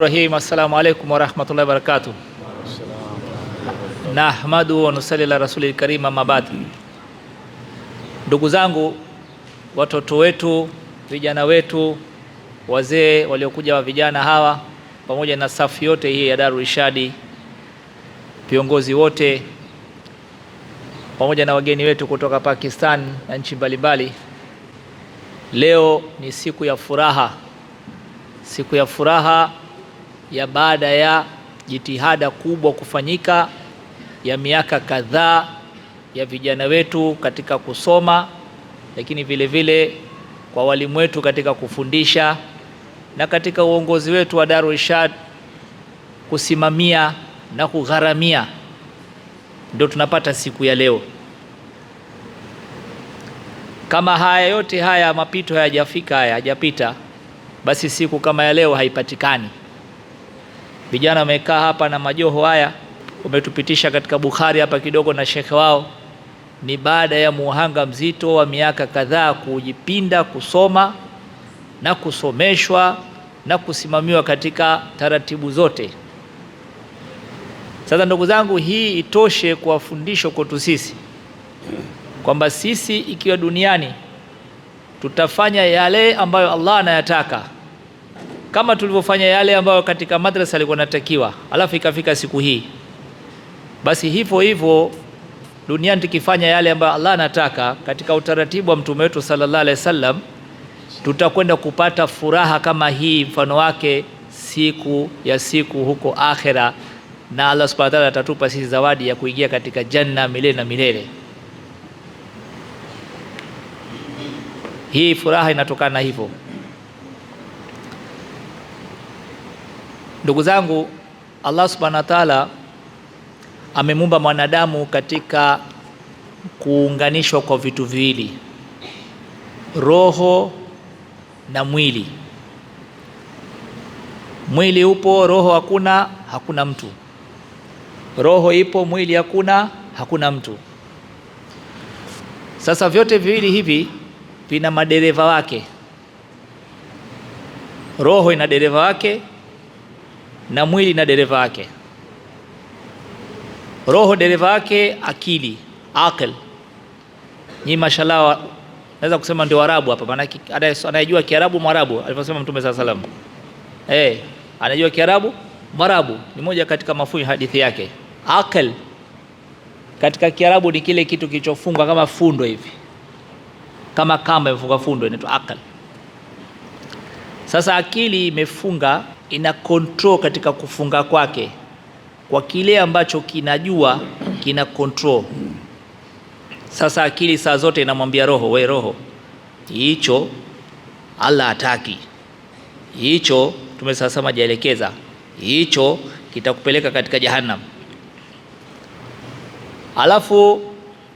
Rahim, assalamu alaikum warahmatullahi wabarakatuh. Nahmadu wa nusalli ala rasulil karim, amma Ndugu zangu, watoto wetu, vijana wetu, wazee waliokuja wa vijana hawa, pamoja na safu yote hii ya Darul ishadi viongozi wote, pamoja na wageni wetu kutoka Pakistan na nchi mbalimbali. Leo ni siku ya furaha, siku ya furaha ya baada ya jitihada kubwa kufanyika ya miaka kadhaa ya vijana wetu katika kusoma, lakini vile vile kwa walimu wetu katika kufundisha na katika uongozi wetu wa Darul Irshad kusimamia na kugharamia, ndio tunapata siku ya leo. Kama haya yote haya mapito hayajafika, haya hajapita, basi siku kama ya leo haipatikani. Vijana wamekaa hapa na majoho haya, wametupitisha katika Bukhari hapa kidogo na shekhe wao. Ni baada ya muhanga mzito wa miaka kadhaa kujipinda kusoma na kusomeshwa na kusimamiwa katika taratibu zote. Sasa ndugu zangu, hii itoshe kwa fundisho kwetu sisi kwamba sisi ikiwa duniani tutafanya yale ambayo Allah anayataka kama tulivyofanya yale ambayo katika madrasa alikuwa natakiwa, alafu ikafika siku hii, basi hivyo hivyo duniani tukifanya yale ambayo Allah anataka katika utaratibu wa mtume wetu sallallahu alaihi wasallam, tutakwenda kupata furaha kama hii, mfano wake siku ya siku huko akhera, na Allah subhanahu wa ta'ala atatupa sisi zawadi ya kuingia katika janna milele na milele. Hii furaha inatokana hivyo. Ndugu zangu, Allah subhanahu wa taala amemuumba mwanadamu katika kuunganishwa kwa vitu viwili, roho na mwili. Mwili upo, roho hakuna, hakuna mtu. Roho ipo, mwili hakuna, hakuna mtu. Sasa vyote viwili hivi vina madereva wake. Roho ina dereva wake na mwili na dereva wake, roho dereva wake, akili aql. Ni mashallah, naweza kusema ndio Arabu hapa, maana anayejua Kiarabu Mwarabu alivyosema Mtume sala salam. Eh, anajua Kiarabu Mwarabu ni moja katika mafui hadithi yake. Aql katika Kiarabu ni kile kitu kilichofungwa kama fundo hivi, kama kamba imefunga fundo inaitwa aql. Sasa akili imefunga ina control katika kufunga kwake kwa kile ambacho kinajua kina control. Sasa akili saa zote inamwambia roho, we roho, hicho Allah hataki hicho, tumesasa jaelekeza hicho kitakupeleka katika jahannam. Alafu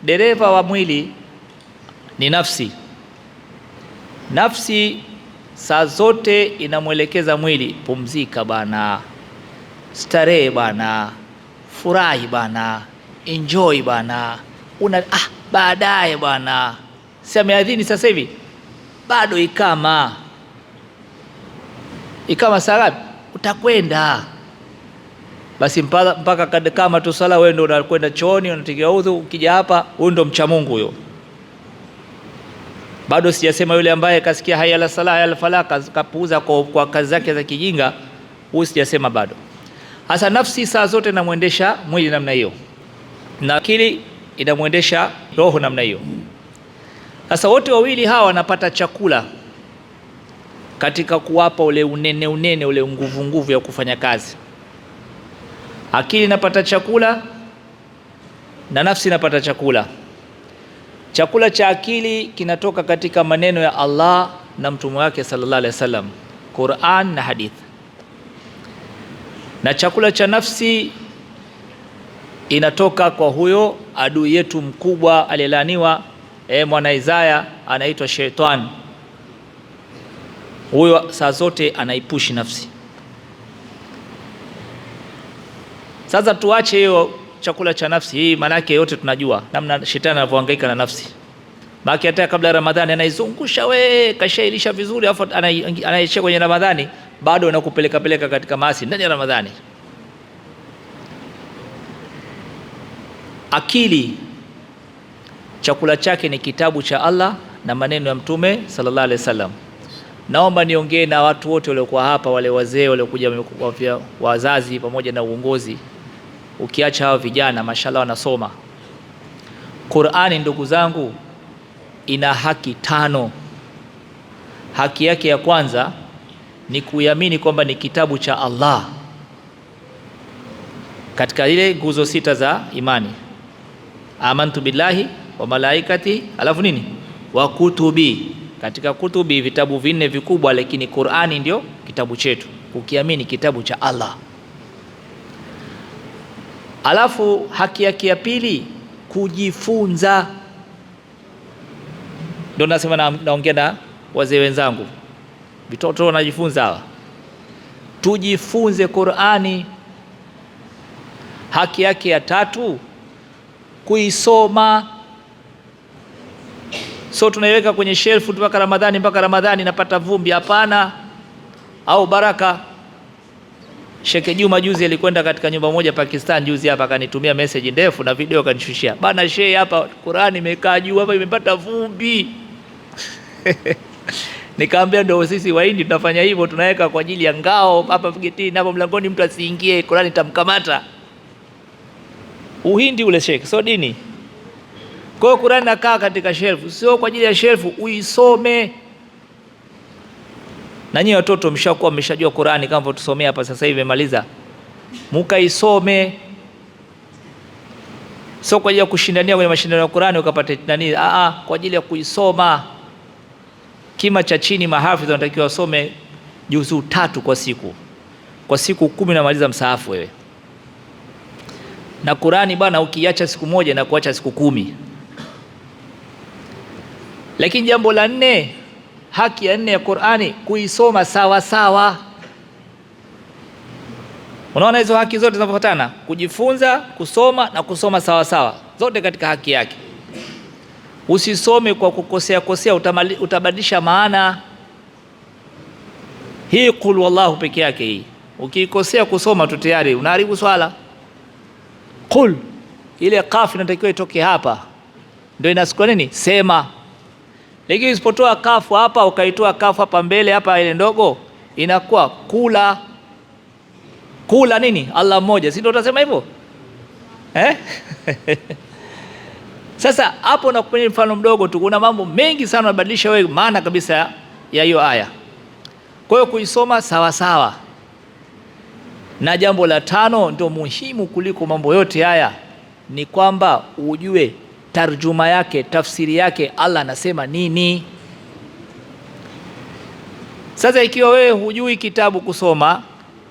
dereva wa mwili ni nafsi. Nafsi saa zote inamwelekeza mwili, pumzika bana, starehe bana, furahi bana, enjoy bana, una ah, baadaye bana, si ameadhini sasa hivi, bado ikama ikama saa ngapi utakwenda basi mpaka, mpaka kama tu sala wewe ndio unakwenda chooni unatikia udhu, ukija hapa, huyu ndio mcha Mungu huyo. Bado sijasema yule ambaye kasikia hayya la sala haya la kapuuza kwa, kwa kazi zake za kijinga, huyu sijasema bado. Hasa nafsi saa zote inamwendesha mwili namna hiyo, na akili inamwendesha roho namna hiyo. Sasa wote wawili hawa wanapata chakula katika kuwapa ule unene unene ule nguvu nguvu ya kufanya kazi. Akili inapata chakula na nafsi inapata chakula. Chakula cha akili kinatoka katika maneno ya Allah na mtume wake sallallahu alaihi wasallam, Qur'an na hadith. Na chakula cha nafsi inatoka kwa huyo adui yetu mkubwa aliyelaniwa e, mwana Isaya anaitwa shetani. Huyo saa zote anaipushi nafsi. Sasa tuache hiyo chakula cha nafsi hii, maanake yote tunajua namna shetani anavyohangaika na nafsi. Baki hata kabla ya Ramadhani anaizungusha we, kashailisha vizuri, afu anaishia kwenye Ramadhani bado anakupeleka peleka katika maasi ndani ya Ramadhani. Akili chakula chake ni kitabu cha Allah na maneno ya Mtume sallallahu alaihi wasallam. Naomba niongee na watu wote waliokuwa hapa, wale wazee waliokuja, wazazi pamoja na uongozi ukiacha hao vijana mashallah wanasoma Qur'ani. Ndugu zangu, ina haki tano. Haki yake ya kwanza ni kuiamini kwamba ni kitabu cha Allah katika ile nguzo sita za imani, amantu billahi wa malaikati, alafu nini wa kutubi, katika kutubi vitabu vinne vikubwa, lakini Qur'ani ndio kitabu chetu, ukiamini kitabu cha Allah Alafu haki yake ya pili kujifunza. Ndio nasema na, naongea na wazee wenzangu, vitoto wanajifunza hawa, tujifunze Qur'ani. Haki yake ya tatu kuisoma, so tunaiweka kwenye shelfu mpaka Ramadhani, mpaka Ramadhani napata vumbi? Hapana, au baraka sheke Juma juzi alikwenda katika nyumba moja Pakistan juzi hapa akanitumia message ndefu na video akanishushia. Bana shehe, hapa Qur'ani imekaa juu hapa imepata vumbi. Nikaambia ndio sisi Wahindi tunafanya hivyo, tunaweka kwa ajili ya ngao hapa getini, hapo mlangoni, mtu asiingie, Qur'ani itamkamata. Uhindi ule sheke, so dini. Kwa hiyo Qur'ani nakaa katika shelf, sio kwa ajili ya shelf, uisome na nyinyi watoto mshakuwa mmeshajua Qur'ani kama votusomea hapa sasa hivi imemaliza, mukaisome. Sio kwa ajili ya kushindania kwenye mashindano ya Qur'ani ukapate nani, a, kwa ajili ya kuisoma. Kima cha chini mahafidh wanatakiwa wasome juzuu tatu kwa siku, kwa siku kumi namaliza msahafu wewe na Qur'ani bwana, ukiacha siku moja na kuacha siku kumi. Lakini jambo la nne haki ya nne ya Qur'ani kuisoma sawa sawa. Unaona hizo haki zote zinapofuatana, kujifunza, kusoma na kusoma sawa sawa, zote katika haki yake. Usisome kwa kukosea kosea, utabadilisha maana. Hii qul wallahu peke yake hii, ukiikosea kusoma tu tayari unaharibu swala. Qul ile kafu inatakiwa itoke hapa, ndio inasukua nini, sema lakini usipotoa kafu hapa ukaitoa kafu hapa mbele hapa ile ndogo inakuwa kula kula nini? Allah mmoja, si ndio? Utasema hivyo eh? Sasa hapo nakupeni mfano mdogo tu, kuna mambo mengi sana unabadilisha wewe maana kabisa ya hiyo aya. Kwa hiyo kuisoma sawa sawa. Na jambo la tano ndio muhimu kuliko mambo yote haya ni kwamba ujue tarjuma yake, tafsiri yake, Allah anasema nini? Sasa ikiwa wewe hujui kitabu kusoma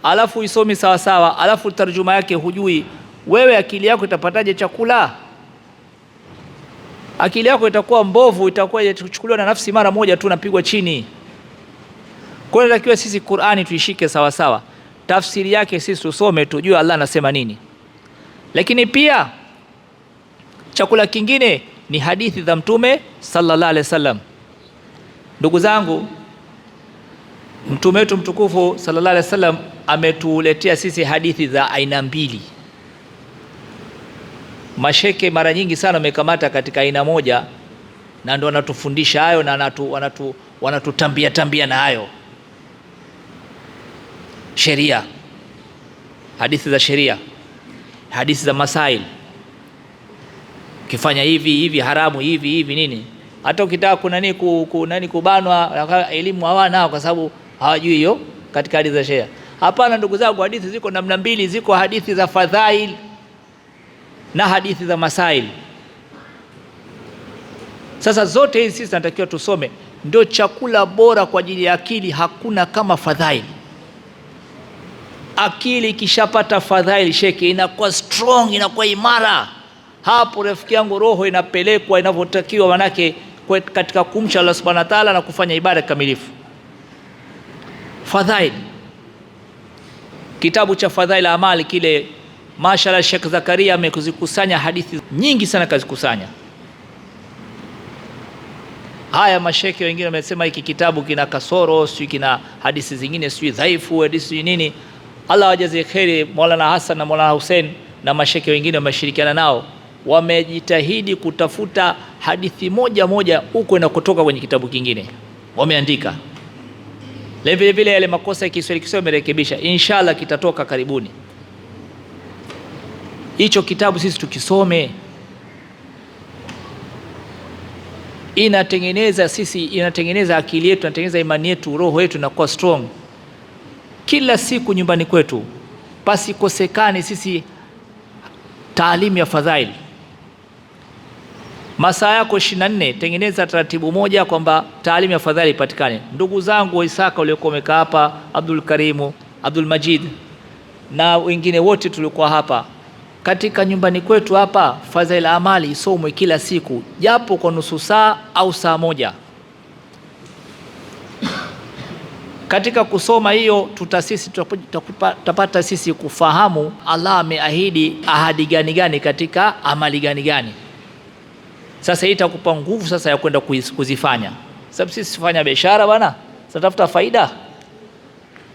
alafu sawa sawasawa, alafu tarjuma yake hujui, wewe akili yako itapataje chakula? Akili yako itakuwa mbovu, itakuwa itachukuliwa na nafsi mara moja tu, napigwa chini. Kwa hiyo inatakiwa sisi Qur'ani tuishike sawasawa, tafsiri yake sisi tusome, tujue Allah anasema nini, lakini pia Chakula kingine ni hadithi za Mtume sallallahu alaihi wasallam. Ndugu zangu, Mtume wetu mtukufu sallallahu alaihi wasallam ametuletea sisi hadithi za aina mbili. Masheke mara nyingi sana wamekamata katika aina moja, na ndio wanatufundisha hayo na wanatu, wanatu, wanatutambia tambia na hayo sheria, hadithi za sheria, hadithi za masail ukifanya hivi hivi haramu hivi hivi nini. Hata ukitaka kunani ku, ku, nani kubanwa, elimu hawanao kwa sababu hawajui hiyo katika hadithi za sheria. Hapana ndugu zangu, hadithi ziko namna mbili, ziko hadithi za fadhail na hadithi za masail. Sasa zote hizi sisi tunatakiwa tusome, ndio chakula bora kwa ajili ya akili. Hakuna kama fadhail. Akili ikishapata fadhail, sheke, inakuwa strong, inakuwa imara. Hapo rafiki yangu, roho inapelekwa inavyotakiwa, manake katika kumcha Allah subhanahu wa ta'ala na kufanya ibada kamilifu. Fadhail, kitabu cha Fadhail Amali kile, mashallah Sheikh Zakaria amekuzikusanya hadithi nyingi sana, kazikusanya Haya, mashekhe wengine wamesema hiki kitabu kina kasoro, sijui kina hadithi zingine, sijui dhaifu, hadithi sijui nini. Allah wajazie kheri Maulana Hassan na Maulana Hussein na mashekhe wengine wameshirikiana nao wamejitahidi kutafuta hadithi moja moja huko na kutoka kwenye kitabu kingine wameandika. le vile vile yale makosa ya Kiswahili kisio merekebisha, inshallah kitatoka karibuni hicho kitabu, sisi tukisome inatengeneza sisi, inatengeneza akili yetu, inatengeneza imani yetu, roho yetu inakuwa strong. Kila siku nyumbani kwetu pasikosekane sisi taalimu ya fadhaili, masaa yako 24, tengeneza taratibu moja kwamba taalimu ya fadhali ipatikane. Ndugu zangu wa Isaka waliokuwa wamekaa hapa, Abdul Karimu, Abdul Majid na wengine wote tuliokuwa hapa katika nyumbani kwetu hapa, fadhila amali isomwe kila siku japo kwa nusu saa au saa moja. Katika kusoma hiyo tutasisi tutapata sisi kufahamu Allah ameahidi ahadi gani gani katika amali gani gani. Sasa hii itakupa nguvu sasa ya kwenda kuzifanya, sababu sisi sifanya biashara bwana, tunatafuta faida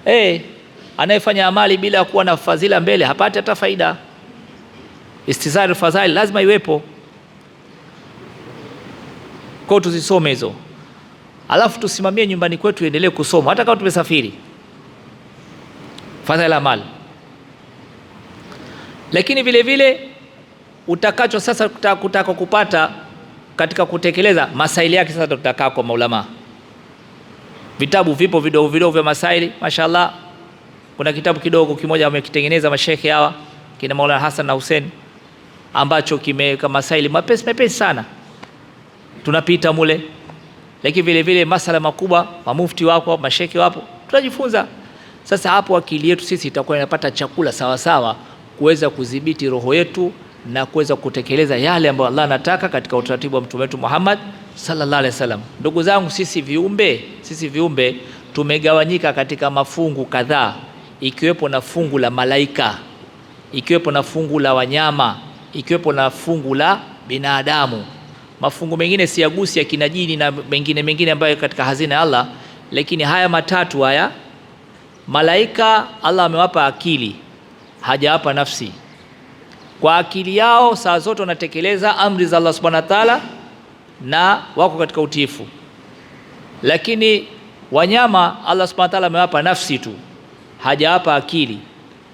hey. Eh, anayefanya amali bila kuwa na fadhila mbele hapati hata faida. Istizari fadhila lazima iwepo, kwa tuzisome hizo, alafu tusimamie nyumbani kwetu, endelee kusoma hata kama tumesafiri, fadhila amali. Lakini vile vile utakacho sasa kutaka kupata katika kutekeleza masaili yake. Sasa tutakaa kwa maulama, vitabu vipo vidogo vidogo vya masaili, mashallah. Kuna kitabu kidogo kimoja wamekitengeneza mashekhe hawa kina Maulana Hassan na Hussein ambacho kimeweka masaili mapesi mapesi sana, tunapita mule, lakini vile vile masala makubwa, mamufti wako, mashekhe wapo, tunajifunza. Sasa hapo akili yetu sisi itakuwa inapata chakula sawasawa kuweza kudhibiti roho yetu na kuweza kutekeleza yale ambayo Allah anataka katika utaratibu wa mtume wetu Muhammad sallallahu alaihi wasallam. Ndugu zangu, sisi viumbe sisi viumbe tumegawanyika katika mafungu kadhaa, ikiwepo na fungu la malaika, ikiwepo na fungu la wanyama, ikiwepo na fungu la binadamu. Mafungu mengine si yagusi ya kinajini na mengine mengine ambayo katika hazina ya Allah, lakini haya matatu haya, malaika Allah amewapa akili, hajawapa nafsi kwa akili yao saa zote wanatekeleza amri za Allah subhanahu wa ta'ala na wako katika utiifu. Lakini wanyama Allah subhanahu wa ta'ala amewapa nafsi tu, hajawapa akili.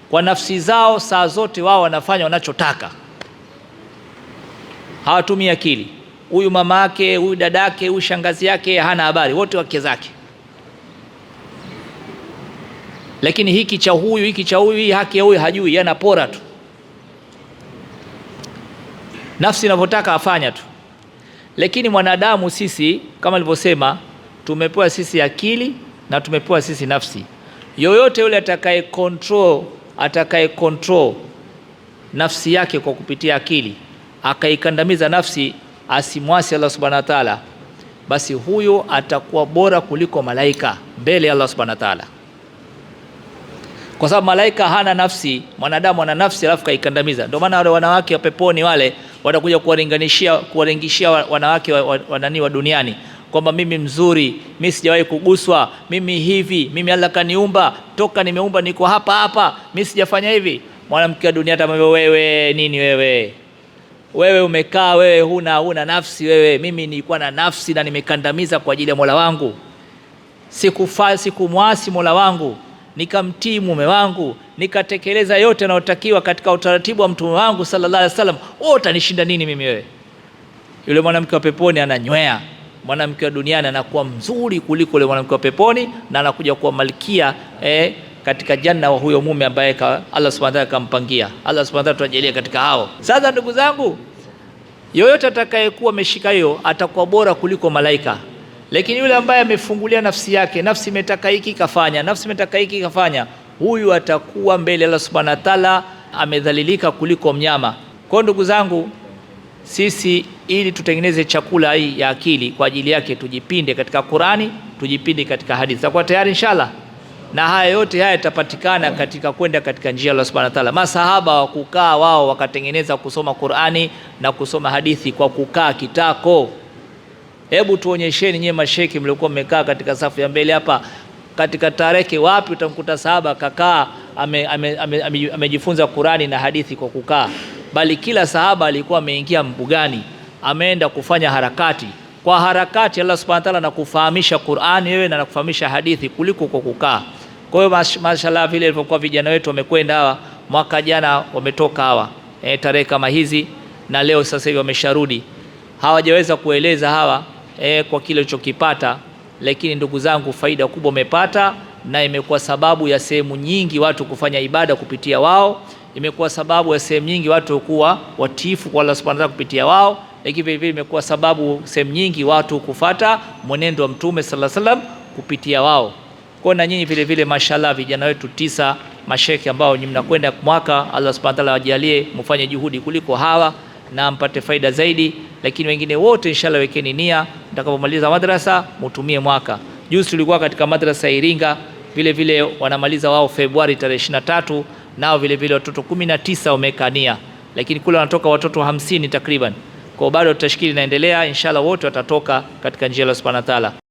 Kwa nafsi zao saa zote wao wanafanya wanachotaka, hawatumii akili. Huyu mama yake, huyu dadake, huyu shangazi yake, hana habari, wote wake zake. Lakini hiki cha huyu, hiki cha huyu, hii haki ya huyu hajui, yanapora tu nafsi inavyotaka afanya tu, lakini mwanadamu sisi kama nilivyosema, tumepewa sisi akili na tumepewa sisi nafsi. Yoyote yule atakaye control, atakaye control nafsi yake kwa kupitia akili akaikandamiza nafsi, asimwasi Allah subhanahu wa ta'ala, basi huyo atakuwa bora kuliko malaika mbele ya Allah subhanahu wa ta'ala, kwa sababu malaika hana nafsi, mwanadamu ana nafsi alafu kaikandamiza. Ndio maana wale wanawake wa peponi wale watakuja kuwalinganishia kuwalingishia wanawake wa, wa, wa, wa duniani kwamba mimi mzuri, mimi sijawahi kuguswa, mimi hivi, mimi Allah kaniumba, toka nimeumba niko hapa hapa, mimi sijafanya hivi. Mwanamke wa dunia atamwambia wewe nini, wewe wewe umekaa wewe, huna huna nafsi wewe. Mimi nilikuwa na nafsi na nimekandamiza kwa ajili ya Mola wangu, sikumwasi Mola wangu nikamtii mume wangu nikatekeleza yote yanayotakiwa katika utaratibu wa mtume wangu sallallahu alaihi wasallam, wewe utanishinda nini mimi wewe? Yule mwanamke wa peponi ananywea, mwanamke wa duniani anakuwa mzuri kuliko yule mwanamke wa peponi, na anakuja kuwa malkia eh, katika janna wa huyo mume ambaye Allah subhanahu wa ta'ala akampangia. Allah subhanahu wa ta'ala tuajalie katika hao. Sasa ndugu zangu, yoyote atakayekuwa ameshika hiyo atakuwa bora kuliko malaika. Lakini yule ambaye amefungulia nafsi yake, nafsi imetaka hiki kafanya, nafsi imetaka hiki kafanya, huyu atakuwa mbele Allah subhanahu wa ta'ala amedhalilika kuliko mnyama. Kwa ndugu zangu, sisi ili tutengeneze chakula hii ya akili kwa ajili yake, tujipinde katika Qurani, tujipinde katika hadithi. Takuwa tayari inshallah, na haya yote haya yatapatikana katika kwenda katika njia Allah subhanahu wa ta'ala. Masahaba wa kukaa wao wakatengeneza kusoma Qurani na kusoma hadithi kwa kukaa kitako. Hebu tuonyesheni nyie masheki mliokuwa mmekaa katika safu ya mbele hapa, katika tareke wapi utamkuta sahaba kakaa amejifunza ame, ame, ame Qurani na hadithi kwa kukaa, bali kila sahaba alikuwa ameingia mbugani, ameenda kufanya harakati kwa harakati Allah subhanahu wa ta'ala nakufahamisha Qur'ani wewe na nakufahamisha hadithi kuliko kwa kukaa. Kwa hiyo mashallah, vile ilivyokuwa vijana wetu wamekwenda hawa, mwaka jana wametoka hawa e, tarehe kama hizi na leo sasa hivi wamesharudi, hawajaweza kueleza hawa e, kwa kile ulichokipata, lakini ndugu zangu, faida kubwa umepata, na imekuwa sababu ya sehemu nyingi watu kufanya ibada kupitia wao, imekuwa sababu ya sehemu nyingi watu kuwa watiifu kwa Allah subhanahu kupitia wao, lakini vile vile imekuwa sababu sehemu nyingi watu kufata mwenendo wa Mtume sallallahu alaihi wasallam kupitia wao. Kwa na nyinyi vile vile, mashallah, vijana wetu tisa mashekhe ambao mnakwenda mwaka, Allah subhanahu wa ta'ala wajalie mfanye juhudi kuliko hawa na mpate faida zaidi. Lakini wengine wote inshallah, wekeni nia, mtakapomaliza madrasa mutumie mwaka. Juzi tulikuwa katika madrasa ya Iringa vile vile, wanamaliza wao Februari tarehe 23, nao vile vile watoto 19 wameweka nia, lakini kule wanatoka watoto hamsini takriban. Kwa bado tashkili inaendelea, inshallah wote watatoka katika njia ya subhanahu wa ta'ala.